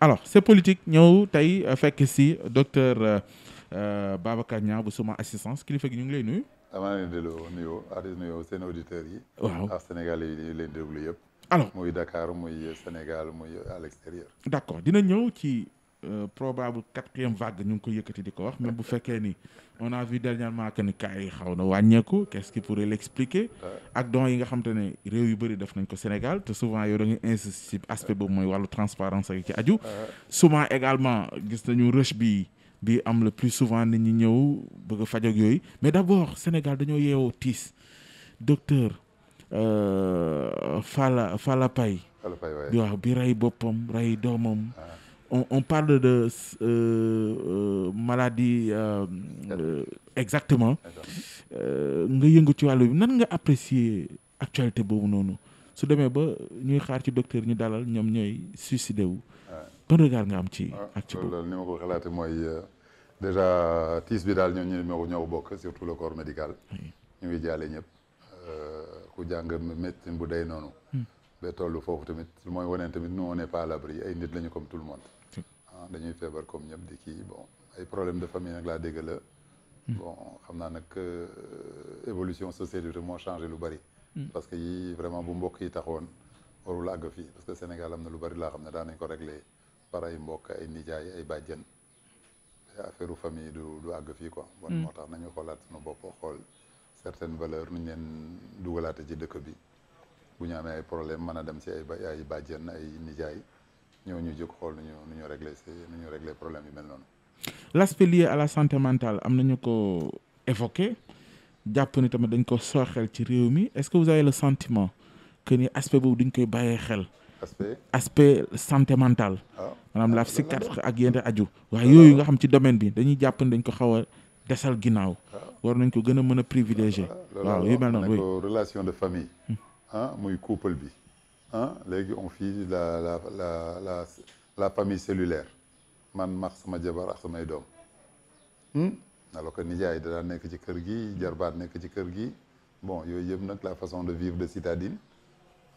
alors c'est politique ñëw tey euh, fekk si euh, docteur euh, Babacar Niang bu suma assistance kilifa gi ñu ngi lay nuyu. amaa leen delloo nuyoo artiste nuyoo seen auditeurs yi. waaw ak ah, sénégalais yi leen déglu yëpp. alors muy Dakar muy Sénégal muy à l'extérieur. d'accord dina ñëw ci Euh, probable quatrième vague ñu ngi ko yëkkati di ko wax même bu fekkee ni on a vu dernièrement que ni cas yi xaw na wàññeeku qu'est-ce qui pourrait l'expliquer ak don yi nga xam ne réew yu bëri def nañ ko Sénégal te souvent yow da nga insisté aspect boobu mooy wàllu transparence ak ci aju souvent également gis nañu rush bi bi am le plus souvent nit ñi ñëw bëgg a yooyu mais d'abord Sénégal dañoo yeewoo tiis docteur euh, Fala Fala Paye waaw bi rey boppam rey doomam on, on parle de euh, euh maladie euh, euh, exactement nga yëngu ci wàllu bi nan nga apprécier actualité boobu noonu su demee ba ñuy xaar ci docteur ñu dalal ñoom ñooy suicidé wu ban regard nga am ci ak ci boobu ni ma ko xalaate mooy déjà tiis bi daal ñoom ñu ñoo ñoo bokk surtout le corps médical ñu ngi jaale ñëpp ku jàng médecine bu day noonu hmm. ba toll foofu tamit mooy waneen tamit nous on n'est l'abri ay nit lañu comme tout le monde Ah, dañuy feebar comme ñëpp di kii bon ay problème de famille nag laa dégg la hmm. bon xam naa nag euh, évolution société bi moo changé lu bari. Hmm. parce que yi vraiment bu mbokk yi taxoon warul àgg fii parce que Sénégal am na lu bari laa xam ne daan nañ ko réglé par ay mbokk ay nijaay ay bàjjen affaire u famille du àgg fii quoi bon hmm. moo tax nañu xoolaat suñu bopp xool certaines valeurs nuñ leen dugalaate ci dëkk bi bu ñu amee ay problème mën a dem ci ay ay bàjjen ay nijaay ñoo ñu jóg xool nu ñu nu ñu régler si nu ñu régler problème yu mel noonu. l'aspect lié à la santé mentale am nañu ko évoqué jàpp ni tamit dañ ko soxeel ci réew mi est-ce que vous avez le sentiment que ni aspect boobu duñ koy bàyyee xel. aspect aspect santé mentale. waaw ah, ah, maanaam la psychiatre ak yenn aju. waaye ah, yooyu nga xam ci domaine bi dañuy jàpp dañ ko xaw a desal ginnaaw. war nañ ko gën a mën a privilégié. waaw yu mel noonu oui relation de famille. Hmm. ah muy couple bi. ah léegi on fii la la la la la famille cellulaire man max sama jabar ak samay doom hmm? alors que nijaay da daan nekk ci kër gi jarbaat nekk ci kër gi bon yooyu yëpp nag la façon de vivre de citadine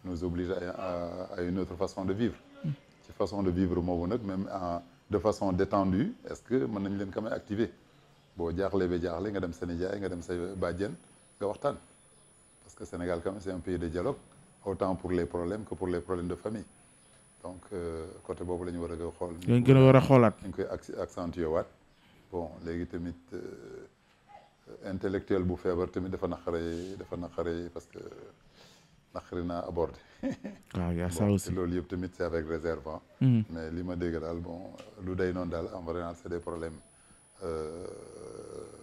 nous oblige à, à, à une autre façon de vivre ci façon de vivre moobu nag même en euh, de façon détendue est-ce que mën nañ leen quand même activer boo jaaxlee ba jaaxle nga dem sa nijaay nga dem sa bajen nga waxtaan parce que Sénégal quand même c'est un pays de dialogue autant pour les problèmes que pour les problèmes de famille donc euh, côté boobu la ñu war a gën a xool. dañ gën a war a xoolaat. dañ koy accentuer waat bon léegi tamit euh, intellectuel bu feebar tamit dafa naqaree que naqari naa aborder. waaw ah, y a ça aussi loolu yëpp tamit c'est avec réserve mm-hmm. mais li ma dégg daal bon lu day noonu daal en c'est des problèmes euh,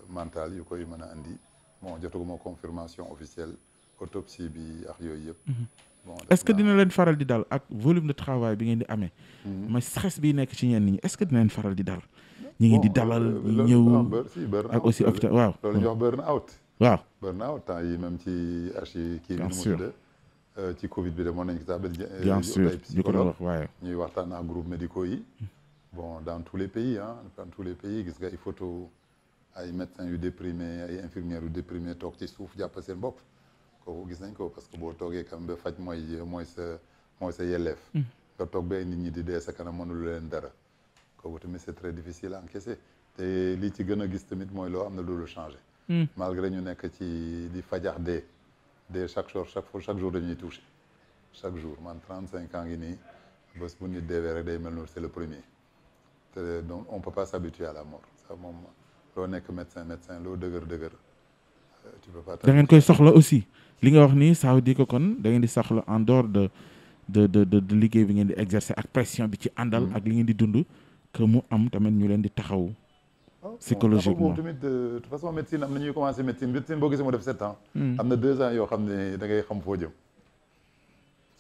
mentaux yu koy mën a andi bon jotaguma confirmation officielle. autopsie bi ak yooyu yëpp. Mhm. bon est-ce que dina leen faral di dal ak volume de travail bi ngeen di amee. ma mhm. stress bi nekk ci ñenn ñi est-ce que dina leen faral di dal. ñu ngi di dalal ñëw ak aussi hôpital waaw. loolu ñuy wax burn out. waaw burn out temps yi même ci archi bi nu mu tuddee. Euh, ci Covid bi demoon nañu ko sax ba. Euh, bien sûr di ko doon wax waaye. ñuy waxtaan ak groupe yi. bon dans tous les pays ah dans tous les pays gis nga ay photo ay médecins yu déprimé ay infirmières toog ci suuf jàpp seen bopp. kooku gis nañ ko parce que boo toogee kam ba faj mooy mooy sa mooy sa yelleef nga toog nit ñi di dee sa kanam mënul leen dara kooku tamit c'est très difficile à te li ci gën a gis tamit mooy loo am na loolu changé hmm. malgré ñu nekk ci di fajax dee dee chaque jour chaque fois chaque jour dañuy touché chaque jour man trente cinq ans ngi nii bés bu nit deewee rek day mel noonu c'est le premier te donc on peut pas s'habituer à la mort ça moom loo nekk médecin médecin da ngeen koy soxla aussi li nga wax ni saaw veut ko kon da ngeen di soxla en dehors de de de de liggéey bi ngeen di exercer ak pression bi ci àndal mm. ak li ngeen di dund que mu am tamit ñu leen di taxaw oh, psychologiquement moom tamit euh, de toute façon médecine am na ñuy commencé médecine médecine boo gisee moo def sept ans mm. am na deux ans yoo xam ne da ngay xam foo jëm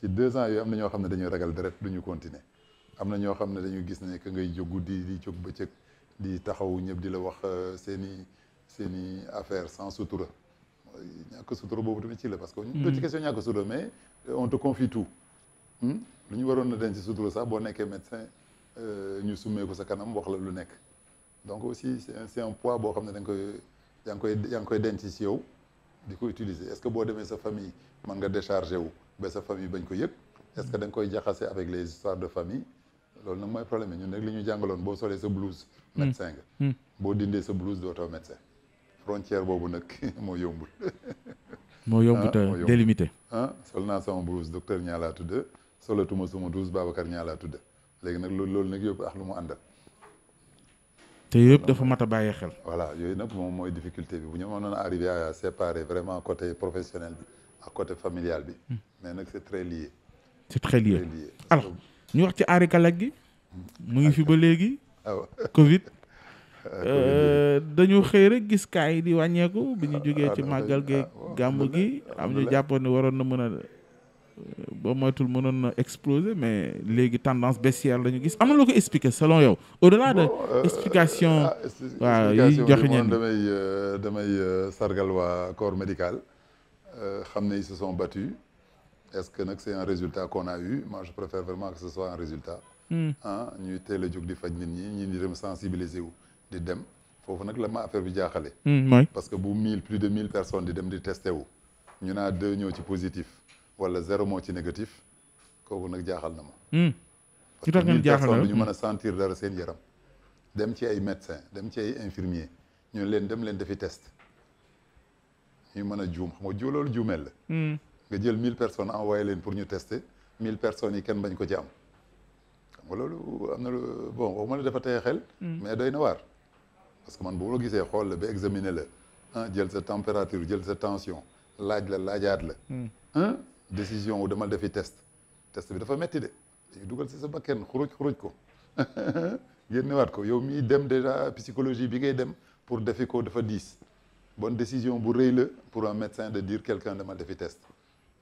ci deux ans yooyu am na ñoo xam ne dañuy ragal deret du ñu continuer am na ñoo xam ne dañuy gis ne que ngay jóg di jóg ba bëccëg di taxaw ñëpp di la wax euh, seeni seeni affaire sans sutura ñàkk sutura boobu tamit ci la parce que hmm. do ci question ñàkk sutura mais on te confie tout hmm? lu ñu waroon na denc ci sutura sax boo nekkee médecin euh, ñu summee ko sa kanam wax la lu nekk donc aussi c'est un poids boo xam ne da nga koy yaa ngi koy yaa ngi koy denc yow di ko utiliser est-ce que boo demee sa famille man nga décharger ba sa famille bañ ko yëg est-ce que da koy jaxase avec les histoires de famille loolu nag mooy problème bi ñun rek li ñu jàngaloon boo hmm. boo dindee sa blouse dootoo médecin frontière boobu nag moo yombul. moo yombut a ah, délimité. ah sol naa sama blouse docteur ñaala tudd solatuma sama blouse Babacar ñaala tudd léegi nag loolu loolu nag yëpp ak lu mu àndal. te yëpp dafa mat a bàyyi xel. voilà yooyu nag moom mooy difficulté bi bu ñu mënoon a arrivé à séparer vraiment côté professionnel bi ak côté familial bi. Hmm. mais nag c'est très lié. c'est très lié alors ñu wax ci aari kalaj gi. Hmm. mu ngi fi ba ah. léegi. Ah Covid. Euh, euh, dañu xëy rek gis kaa yi di wàññeeku bi ñu jógee ci ah, ah, màggal ah, gi gàmb gi am ñu jàppoon ne waroon na mën a ba moytul mënoon na exploser mais léegi tendance baissière dañu gis am na loo ko expliquer selon yow au delà de euh, explication waaw yi joxe ñeen damay damay sargal waa corps médical xam na ils se sont battus est-ce que nag c'est un résultat qu'on a eu moi je préfère vraiment que ce soit un hmm. ñuy teel a jóg di faj nit ñi ñi di dem sensibiliser wu di dem foofu nag la ma affaire bi jaaxale hmm, parce que bu mille plus de mille personnes di dem di testé wu ñu naa deux ñoo ci positif wala zéro moo ci négatif kooku nag jaaxal na ma hmm. parce que mille personnes du ñu man a hmm. sentir dara seen yaram dem ci ay médecin dem ci ay infirmier ñu leen dem leen defi test ñu mën a juum xam nga ju loolu juumeel la nga jël mille personnes envoyé leen pour ñu tester mille personnes yi kenn bañ ko ci am xam nga loolu am na bon waxuma la dafa teye xel mais parce que man bu ma gisee xool la ba examiner la ah jël sa température jël sa tension laaj la laajaat la. Hmm. Ah, décision wu defi test. test bi dafa metti de dañuy dugal si sa bakken xuruj xuruj ko génnewaat ko yow mii dem déjà psychologie bi ngay dem pour defi ko dafa diis. bon décision bu rëy la pour un médecin de dire quelqu'un demal defi test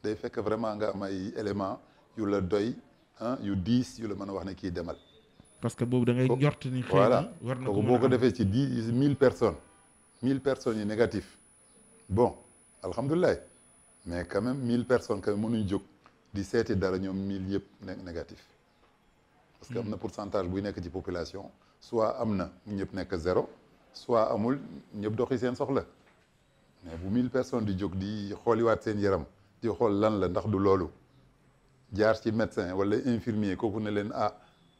day fekk vraiment nga am élément éléments yu la doy ah yu diis yu la mën a wax ne kii demal. parce que boobu da ngay njort ni. xëy na war na ko boo ko defee ci dix mille personnes mille personnes yi négatif bon alhamdulilah mais quand même mille personnes quand même mënuñ di seeti dara ñoom mille yëpp ne négatif. parce que am na hmm. pourcentage buy nekk ci population soit am na ñëpp nekk zéro soit amul ñëpp doxi seen soxla mais bu mille personnes di jóg di xooliwaat seen yaram di xool lan la ndax du loolu jaar ci médecin wala infirmier kooku ne leen ah.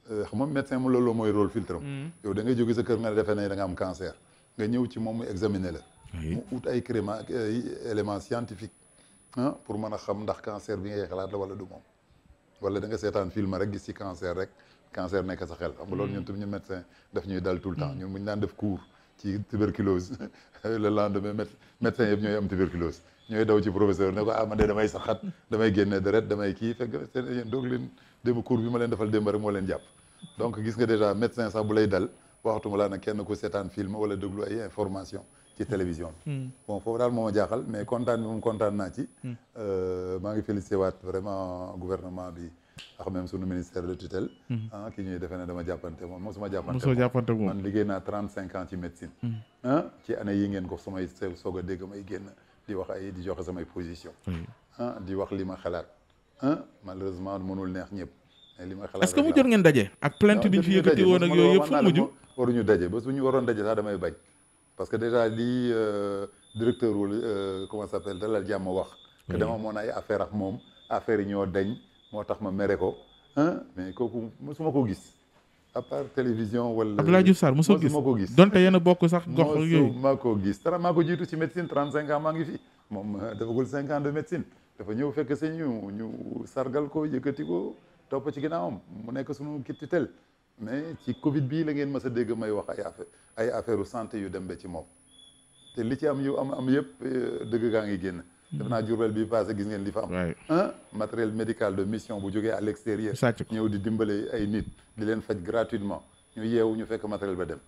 xam nga médecin mu loolu mooy rôle filtre am. Mm. yow da ngay jóge sa kër nga defee ne da nga am cancer. nga ñëw ci moom mu examiner la. mu ut ay créma ay éléments ah, pour mën a xam ndax cancer bi ngay xalaat la wala du moom. wala da nga seetaan film rek gis ci cancer rek cancer nekk sa xel. xam nga loolu mm. ñun tamit ñu médecin daf ñuy dal tout le temps mm. ñun bu ñu daan def cours ci tuberculose le lendemain médecin yëpp ñooy am tuberculose. ñooy daw ci professeur ne ko ah man de damay saxat damay génne deret damay kii fekk seen yéen doog leen démb cours bi ma leen defal démb rek moo leen jàpp donc gis nga déjà médecin sax bu lay dal waxtuma laa nag kenn ku seetaan film wala déglu ay information ci télévision bi hmm. bon foofu daal moo ma jaaxal mais kontaan bi moom kontaan naa ci hmm. euh, maa ngi félicité waat vraiment gouvernement bi ak même sunu ministère de tutelle hmm. ah ki ñuy defee ne dama jàppante moom mosuma jàppante moom man liggéey di wax ay di joxe samay position ah di wax li ma xalaat ah malheureusement mënul neex ñëpp mais li ma xalaat est-ce que mujjoon ngeen daje ak plainte bi ñu fi yëkkati woon ak yooyu yëpp fu mujj waruñu daje ba suñu waroon daje sax damay bañ parce que déjà lii euh, directeur wala euh, comment ça s'appelle dalal jàmm wax que dama moon ay affaire ak moom affaire yi ñoo dañ moo tax ma mere ko mais kooku mosuma koo gis à part télévision wala. Abdoulaye Diouf Sarr mosoo gis mosuma ko gis donte yéen bokk sax gox yooyu mosuma ko gis dara maa ko jiitu ci maa ngi fi moom defagul 5 ans de médecine dafa ñëw fekk si ñu ñu sargal ko yëkkati ko topp ci ginnaawam mu nekk suñu kitti tel mais ci Covid bii la ngeen mës a dégg may wax ay affaire ay affaire santé yu dem ba ci moom te li ci am yu am am yëpp dëgg gaa ngi génn. def naa Jurbel bi passé gis ngeen li fa am matériel médical de mission bu jógee à l'extérieur ñëw di dimbale ay nit di leen faj gratuitement ñu yeewu ñu fekk matériel ba dem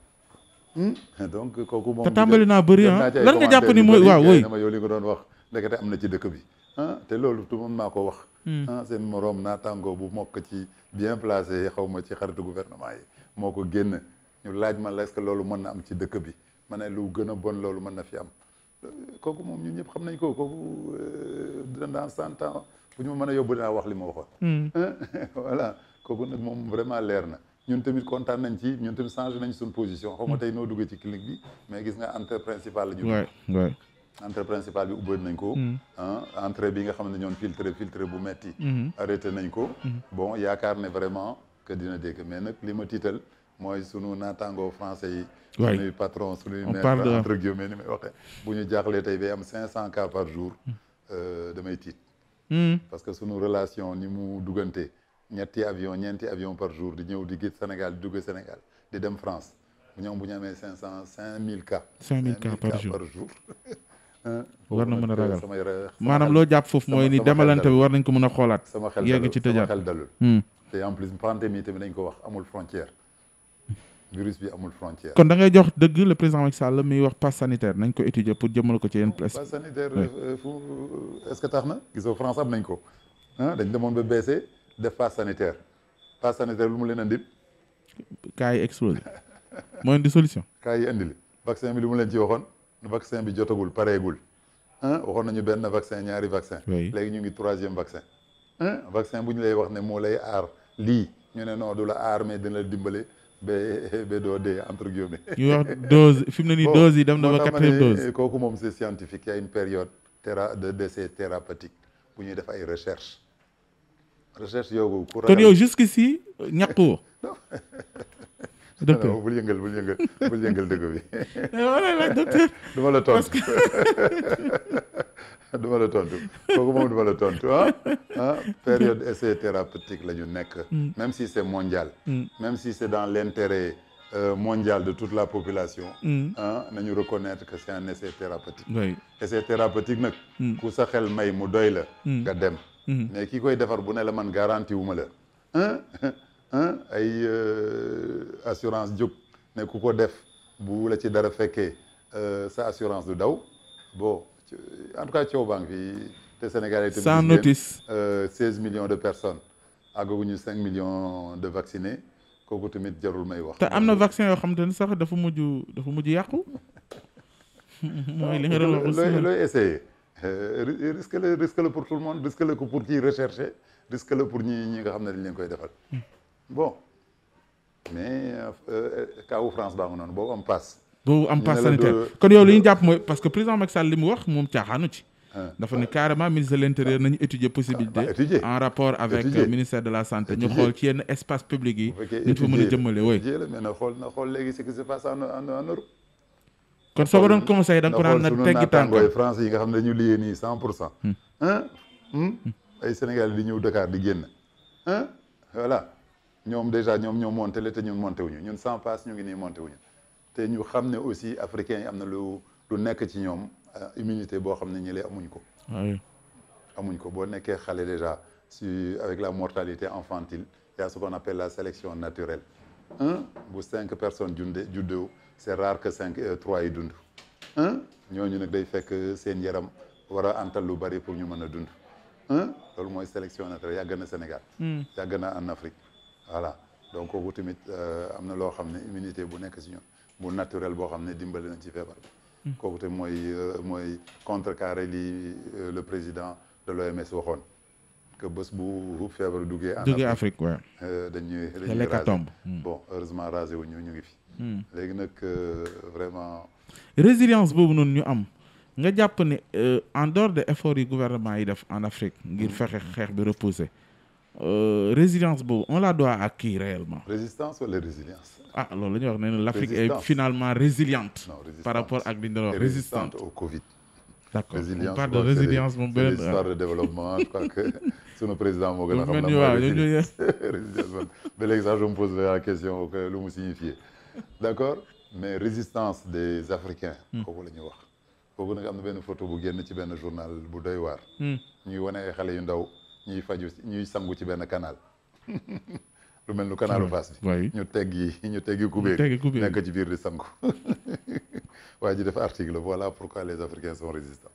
donc kooku moom te tàmbali naa bëri ah lan nga jàpp ni mooy waaw woy eh, ma yow li nga doon wax ndekete am na ci dëkk bi te loolu tu mën maa ko wax ah seen moroom naataango bu mokk ci bien placé xaw ma ci xaritu gouvernement yi moo ko génn ñu laaj ma la est que loolu mën na am ci dëkk bi ma lu gën a loolu mën na fi am kooku moom ñun ñëpp xam nañ ko kooku euh, dina dans cent ans bu ñu ma mën a yóbbu dinaa wax li ma waxoon. Hmm. voilà kooku nag moom vraiment leer na ñun tamit kontaan nañ ci ñun tamit changé nañ suñu position xaw ma tey noo duggee ci clinique bi mais gis nga entrée principale ñu. waay waay entrée bi ubbeet nañ ko. Hmm. entrée bi nga xam ne ñoon filtré filtré bu metti hmm. arrêté nañ ko. bon yaakaar ne vraiment que dina dégg mais nag li tiital. mooy sunu naataangoo français yi. waay sunuy on parle de entre guillemets ni may waxee. bu ñu jaaxlee tey ba am 500 cas par jour. Hmm. Euh, damay tiit. Hmm. parce que sunu relation ni mu duggante ñetti avion ñeenti avion par jour di ñëw di gis Sénégal di dugg Sénégal di dem France bu ñu bu ñu amee 500 5000 cas. 5000 cas par jour cas par jour. war na mën a ragal maanaam loo jàpp foofu mooy ni demalante bi war nañ ko mën a xoolaat. sama xel dalul ci tëjaat sama xel dalul. Hmm. ko wax amul frontière. virus bi amul frontière. kon da ngay jox dëgg le président Macky Sall muy wax pass sanitaire nañ ko étudier pour jëmmal ko ci yenn. presse sanitaire euh, euh, fu euh, est que tax na gisoo France am nañ ko dañ demoon ba baissé def pass sanitaire pass sanitaire lu mu leen andil. cas yi explosé moo indi solution. cas yi andil vaccin bi lu mu leen ci waxoon vaccin bi jotagul pareegul waxoon nañu benn vaccin ñaari vaccin. léegi ñu ngi troisième vaccin. vaccin bu ñu lay wax ne moo lay aar lii ñu ne du la aar mais dina la dimbale. ba ba doo dee entre ñu wax dose fi mu ne nii dose yi dem na ba quatrième kooku moom c'est scientifique il y a une période de décès thérapeutique bu ñuy def ay recherche recherche yooyu. pour kon yow jusqu'ici ñàkku docteur bul bul yëngal bul yëngal dëgg bi. Eh, voilà la tontu du ma la tontu moom du ma la tontu ah, ah, période essai thérapeutique la ñu nekk. Mm. même si c' est mondial. Mm. même si c' est dans l' intérêt euh, mondial de toute la population. Mm. ah nañu reconnaître que c' est un essai thérapeutique. oui essai thérapeutique nag. ku sa xel may mu doy la. nga dem. mais ki koy defar bu ne la man garanti wu ma la. ay euh, assurance jóg ne ku ko def bu la ci dara fekkee euh, sa assurance du daw bon. en tout cas coow baa ngi fii te Sénégal itam. sans notice euh, seize de personnes àggaguñu cinq million de vaccinés kooku tamit jarul may wax. te am na vaccin yoo xam te ne sax dafa mujj dafa mujj yàqu. mooy li nga doon wax looy looy essayé. Euh, risque la risque la pour tout le monde risque la pour qui recherche risque la pour ñi ñi nga xam ne dañ leen koy defal. Hmm. bon mais kawu euh, France baa nga noonu boobu am passe. doo am pass sanitaire kon yow li ñu jàpp mooy parce que président Macky Sall li wax moom caaxaanu ci. Ah. dafa ne carrément ministre l'intérieur nañu étudier possibilité ah, en rapport avec euh, ministère de la santé ñu xool ci yenn espace public yi ñu fa mën a jëmmale wooy na xool na nga xam ne dañu liyee nii hmm. Hmm? ay Sénégal di ñëw Dakar di génn voilà ñoom déjà ñoom ñoo monté la te ñun monté wuñu ñun sans passe ñu ngi nii monté wuñu te ñu xam ne aussi africains yi am na lu lu nekk ci ñoom euh, immunité boo xam ne ñi lay amuñ ko amuñ ko boo nekkee xale déjà si avec la mortalité infantile il y a ce qu'on appelle la sélection naturelle bu cinq personnes junde juddoo c'est rare que cinq euh, trois yi dund ñooñu nag day fekk seen yaram wara a antal lu bari pour ñu mën a dund un loolu mooy sélection naturelle yàgg na Sénégal hmm. yàgg na en Afrique voilà donc kooku tamit euh, am na loo xam ne immunité bu nekk si ñun bu naturel boo xam ne dimbali nañ ci feebar bi hmm. kooku tamit mooy euh, mooy contrecarré li euh, le président de l'OMS waxoon que bës bu feebar duggee en duggee Afrique waaw dañuy dañuy hécatombe hmm. bon heureusement wu ñu ñu ngi fi hmm. léegi nag vraiment résilience boobu noonu ñu am nga jàpp ni en dehors de efforts yu gouvernement yi def en Afrique ngir fexe xeex bi reposer Euh, résilience boobu on la doit ak qui réellement. résistance wala résilience. ah loolu la ñuy wax ne l'Afrique est finalement résiliente. par rapport ak li ñu doon wax résistante au Covid. d'accord résilience moom beneen histoire de développement je président moo gën a xam. na waaw ñooñu résilience ba léegi sax je me pose la question que lu mu signifié d'accord mais résistance des Africains. Hmm. kooku la ñuy wax. kooku nag am na benn photo bu génn ci benn journal bu doy waar. Hmm. ñuy wane ay xale yu ndaw. ñuy faju ñuy sangu ci benn canal lu mel nu canalu hmm. Fass bi ñu teggi ñu teggi kubéer nekk ci biir di sangu waa ji def article voilà pourquoi les Africains sont résistants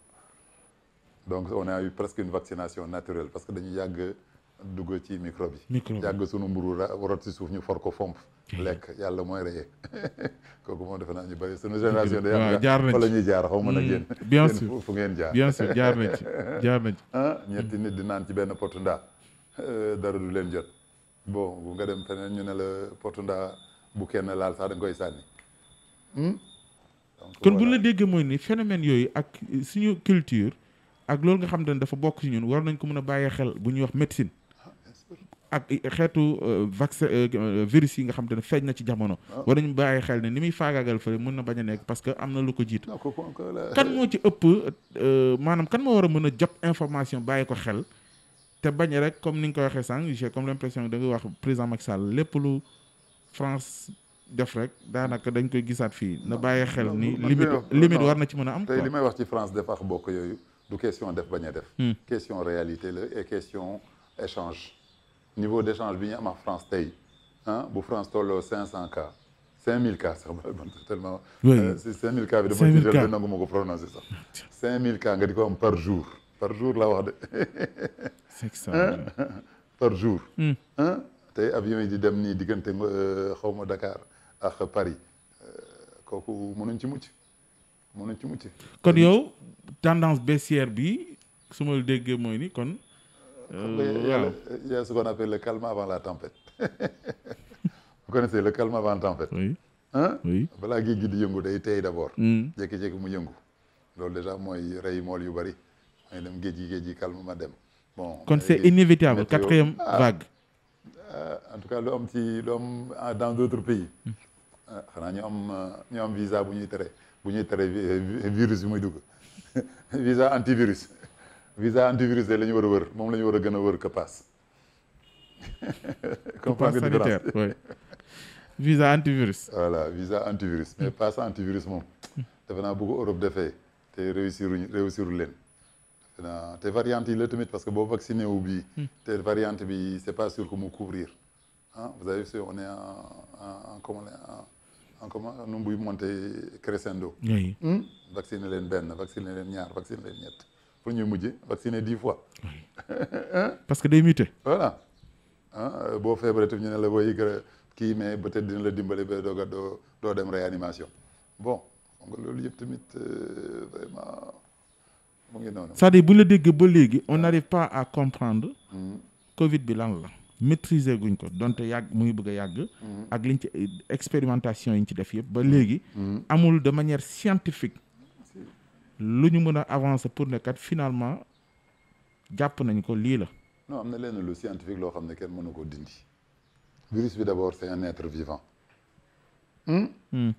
donc on a eu presque une vaccination naturelle parce que dañu yàgg dugg ci micro bi. micro bi yàgg sunu mburu rot si suuf ñu for ko fomp. Eh. lekk yàlla mooy reye kooku moom defe naa ñu bëri sunu génération. waaw jaar nañ ci fa la ñuy jaar xaw ma nag hmm, yéen. bien sûr fu ngeen jaar bien sûr jaar nañ ci jaar nañ ci. Ah, ñetti nit di naan ci benn potu ndaa dara du leen jot bon bu nga dem feneen ñu ne la potu ndaa bu kenn laal sax da nga koy sànni. Hmm? kon bu la déggee mooy ni phénomène yooyu ak suñu culture ak loolu nga xam ne dafa bokk ci ñun war nañ ko mën a bàyyi xel bu ñuy wax médecine. ak xeetu euh, vaccin euh, euh, virus yi nga xam te ne feeñ na ci jamono. Ah. war nañu bàyyi xel ne ni muy faagaagal fële mën na bañ nekk parce que am na lu ko jiitu. Ah, kan moo ci ëpp maanaam kan moo war a mën a jot information bàyyi ko xel. te bañ rek comme ni nga koy waxee sànq j'ai comme l'impression que da nga wax président Macky Sall lépp lu France def rek daanaka dañ koy gisaat fii. na ah, bàyyi xel ni limite limite war na ci mën a am. tey li may wax ci France def ak bokk yooyu du question def bañ a def. Hmm. question réalité la et question échange. niveau de échange bi ñu am ak France tey ah bu France tolloo 500K 5000K sax man tellement. oui 5000K euh, bi dama ci jël nangu ma ko prononcé sax. ko am par jour par jour la wax de. 500 par jour. Hmm. tey avion yi di dem nii diggante euh, xaw ma Dakar ak Paris euh, kooku mënuñ ci mucc mënuñ ci mucc. kon yow tendance baissière bi su ma déggee mooy ni kon. Euh, il y a, le, il y avant la tempête. Vous connaissez le calme avant la tempête Oui. Hein balaa géej gi di yëngu day tey d'abord. Mm. jékki-jékki mu yëngu. loolu déjà mooy rey mool yu bari. mooy dem géej gi géej gi calme ma dem. bon kon c'est inévitable quatrième ah, vague. Euh, en tout cas lu am ci lu euh, am dans d'autres xanaa ñu am ñu bu ñuy tere bu ñuy tere virus bi muy dugg visa visa antivirus la ñu war a wër moom la ñu war a gën a wër que pass. comme pass sanitaire oui. visa antivirus. voilà visa antivirus mais mm. moom. defe naa bu ko Europe defee te réussir réussir leen. te variante yi la tamit parce que boo vacciné wu bii. Mm. te variante bi c' est pas sûr que mu couvrir. ah vous avez vu on est en nu muy monté crescendo. oui. Hmm? leen benn vacciné leen ñaar vacciné leen ñett. pour ñuy mujj ne dix fois. parce que day muté. voilà ah boo feebaree tamit ñu ne la booy kii mais peut-être dina la dimbali ba doog doo doo dem réanimation bon xam yëpp tamit euh, vraiment mu ngi noonu. cest à bu ñu la déggee ba léegi on n'arrive pas à comprendre. Mm-hmm. Covid bi lan la. maîtriser guñ ko donte yàgg mu ngi bëgg a yàgg. Mm-hmm. ak liñ ci expérimentation yi ñu ci def yëpp. ba léegi. Mm-hmm. amul de manière scientifique. lu ñu mën a avancer pour ne kat finalement jàpp nañ ko lii la. non am na lenn lu scientifique loo xam ne kenn mënu koo dindi. virus bi d' abord c' est un être vivant. Hmm? Mm.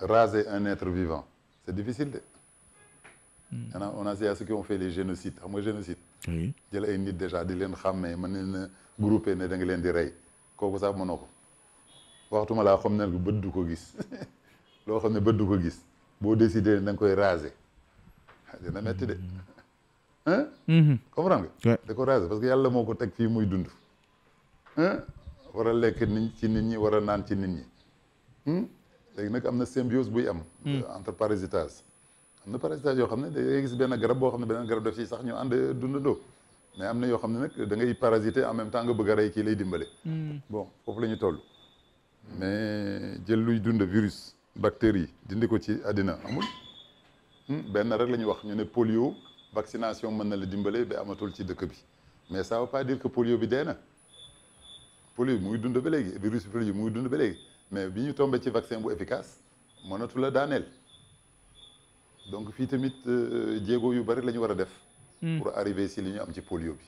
raser un être vivant c' est difficile de. Mm. on a a ceux qui ont fait les génocides xam nga génocide. oui jël ay di leen xàmmee mën nañ leen groupé ne da nga leen di rey kooku sax mënoo ko waxtuma laa xam ne bët du ko gis loo xam ne bët du ko gis boo décidé da nga koy raser. dina metti de ah. Mm-hmm. Mm-hmm. comprendre nga. da ko parce que yàlla moo ko teg fii muy dund. war a lekk nit ci nit ñi war a naan ci nit ñi. Hmm? léegi nag am na symbiose buy am. Hmm. entre parasitage. am na parasitage yoo xam ne da ngay gis benn garab boo xam ne beneen garab daf ci sax ñu ànd dundandoo. mais am na yoo xam ne nag da ngay parasiter en même temps nga bëgg a rey kii lay dimbale. Hmm. bon foofu la ñu toll. jël luy dund virus bactéries dindi ko ci àddina amul. benn rek la ñu wax ñu ne polio vaccination mën na la dimbale ba amatul ci dëkk bi mais ça veut pas dire que polio bi dee na polio bi muy dund ba léegi virus polio bi muy dund ba léegi mais bi ñu tombé ci vaccin bu efficace mënatu daaneel donc fii tamit euh, jéego yu bari la ñu war a def. Hmm. pour arriver si li ñu am ci polio bi.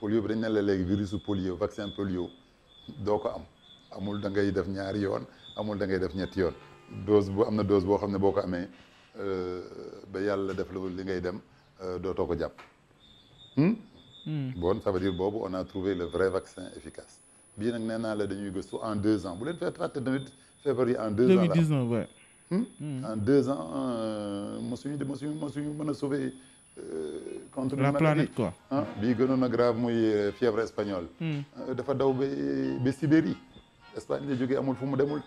polio bi dañ ne la léegi virusu polio vaccin polio doo ko am amul da ngay def ñaari yoon amul da ngay def ñetti yoon dose bu am na dose boo xam ne boo ko amee. ba yàlla def la li ngay dem euh, dootoo ko jàpp. Hmm? Hmm. bon sa veut dire boobu on a trouvé le vrai vaccin efficace bi nag nee naa la dañuy gëstu en deux ans bu leen fee fàtte tamit feebar yi en deux ans. 2019 ouais. Hmm? en deux ans euh, mosuñu de mosuñu mosuñu mën a sauver. Euh, contre la planète quoi. bii grave muy fièvre espagnole. dafa daw ba ba Sibérie Espagne la amul fu mu demul.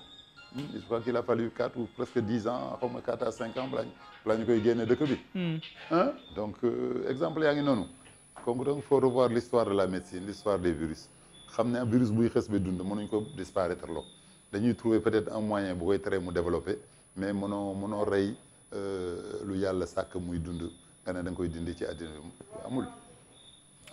Hmm, je crois qu'il a fallu quatre ou presque dix ans xaw ma quatre à cinq ans balaa ñu koy génne dëkk bi. Hmm. donc euh, exemple yaa ngi noonu. comme donc faut revoir l'histoire de la médecine l'histoire des virus xam ne virus buy xës bi dund mënuñ ko disparaître loo dañuy trouver peut-être un moyen bu koy tere mu développer mais mënoo mënoo rey euh, lu yàlla sàkk muy dund nga ne da koy dindi ci addina àddina amul.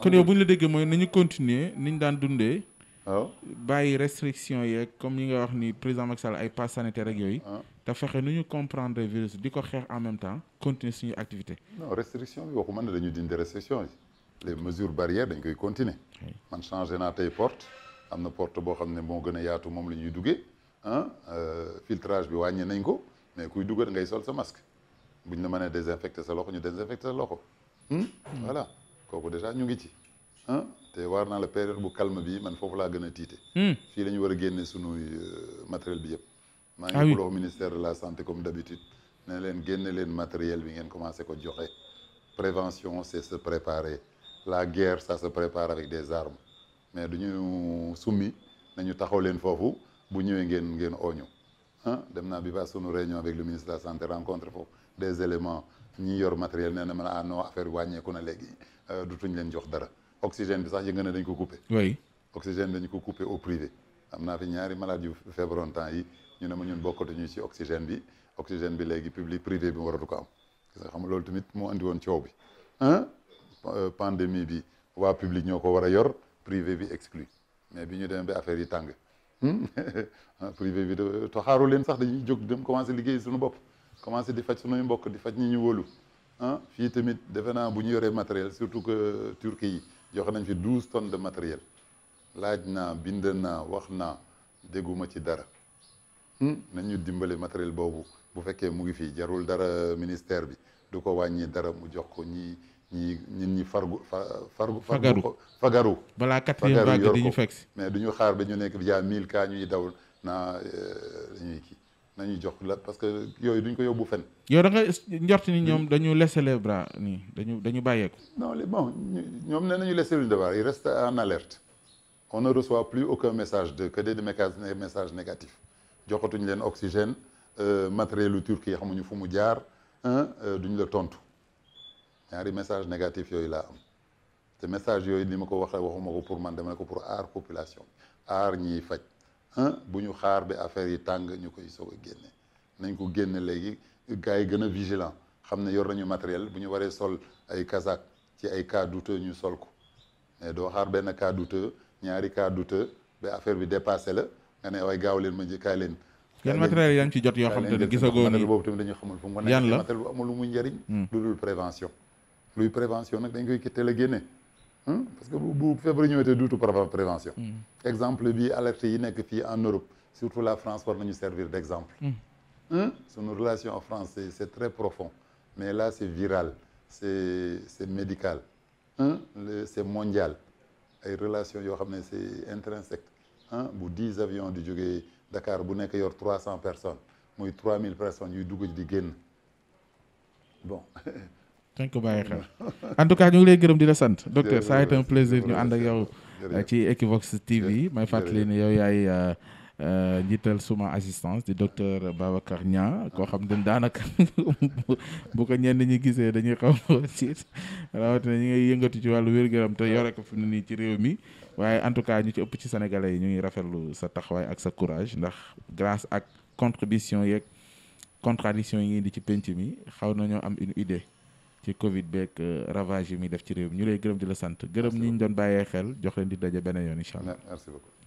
kon yow bu ñu la déggee mooy nañu continuer niñ daan dundee. waaw oh. bàyyi restriction yee comme ñi nga wax ni président Macky Sall ay pass sanitaire ak yooyu. Oh. te fexe nu ñu comprendre virus di ko xeex en même temps continuer suñuy activité. non restriction bi waxuma ne dañu dindi restriction yi les mesures barrières dañ koy continuer. man changé naa tey porte am na porte boo xam ne moo gën a yaatu moom la ñuy duggee ah filtrage bi wàññi nañ ko mais kuy dugg ngay sol sa masque buñ la mënee désinfecter sa loxo ñu désinfecter sa loxo. Hmm? voilà kooku déjà ñu ngi ci. ah te waar naa la période bu calme bi man foofu laa gën a tiite. Hmm. fii la ñu war a génne sunuy euh, matériel bi yëpp. Ah maa ngi wax ministère de la santé comme d'habitude ne leen génne leen matériel bi ngeen commencé ko joxe prévention c'est se préparer la guerre ça se prépare avec des armes mais du ñu summi nañu taxaw leen foofu bu ñëwee ngeen ngeen ooñu ah dem naa bi baa sunu réunion avec le ministre de la santé rencontre foofu des éléments ñi yor matériel nee na ma ah non affaire wàññeeku na léegi euh, dutuñ leen jox dara. oxygène bi sax yëngu na dañ ko coupé. oui oxygène dañ ko coupé au privé. am naa fi ñaari malade yu feebaroon temps yi ñu ne ma ñun bokkatuñu ci oxygène bi oxygène bi léegi public privé bi waratu ko am. parce que xam nga loolu tamit moo andi woon coow bi un euh, pandémie bi waa public ñoo ko war a yor privé bi exclu mais bi ñu demee ba affaire yi tàng hmm? ah, privé bi de xaaru leen sax dañuy jóg dem commencé liggéey suñu bopp commencé di faj suñuy mbokk di faj ñi ñu wóolu ah fii tamit defe naa bu ñu yoree matériel surtout que euh, Turquie yi. jox nañ fi douze tonnes de matériel laaj naa bind naa wax naa dégguma ci dara hmm? nañ ñu dimbale matériel boobu bu fekkee mu ngi fii jarul dara ministère bi du ko wàññi dara mu jox ko ñi ñi ñit ñi fargu fargu fagaru fagaru balaa quatrième vague dañu fekk mais du ñu xaar ba ñu nekk bi jaa mille cas ñuy daw naa dañuy euh, kii nañu jox la parce que yooyu duñ ko yóbbu fen yow da nga njort ni ñoom dañu laisser les bras nii dañu dañu bàyyeeku. non bon ñoom nee nañu laisser le devoir il reste en alerte on ne reçoit plus aucun message de que des messages négatifs joxatuñ leen oxygène euh, matériel lu turc yi xamuñu fu mu jaar euh, duñu la tontu ñaari message négatif yooyu laa am te message yooyu li ma ko waxee waxuma ko pour man dama ne ko pour aar population aar ñiy faj. bu ñu xaar bi affaire yi tàng ñu koy soog a génne nañ ko génne léegi gars yi gën a vigilant xam ne yor nañu matériel bu ñu waree sol ay kasak ci ay cas ñu sol ko mais doo xaar benn cas douteux ñaari cas douteux ba affaire bi dépassé la nga ne waaye gaaw leen ma kaay leen. yan matériel yaa ngi ci jot yoo xam te ne gisagoo boobu tamit dañu xamul fu mu ko nekk lu muy njëriñ hmm. lu dul prévention luy prévention nag dañ koy teel a génne parce que bu feebar ñëwee te duutu prévention hmm. exemple bi alerte yi nekk fii en Europe surtout la France war nañu servir d'exemple hmm. sunu relation en France c'est c'est très profond mais là c'est viral c'est c'est médical c'est mondial ay relation yoo xam ne c'est intrinsèque bu dix avions di jógee Dakar bu nekk yor trois cents personnes muy trois mille personnes yuy dugg di génn bon dañ baay bàyyi en tout cas ñu ngi lay gërëm di la sant docteur ça a été plaisir ñu ànd ak yow ci Equivox TV may fàttali ni yow yaay euh, euh, njiital suma assistance di docteur Babacar ñaa koo xam ne daanaka bu ko ñenn ñi gisee dañuy xaw ci rawatina ñi ngay yëngatu ci wàllu wér gu te yore ko fi mu nii ci réew mi waaye en tout cas ñu ci ëpp ci sénégalais yi ñu ngi rafetlu sa taxawaay ak sa courage ndax grâce ak contribution yeeg contradiction yi ngi di ci penc mi xaw nañoo am une idée ci Covid beeg euh, ravage yi muy def ci réew ñu lay gërëm di la sant. gërëm ni ñu doon bàyyee xel jox leen di daje beneen yoon incha allah. merci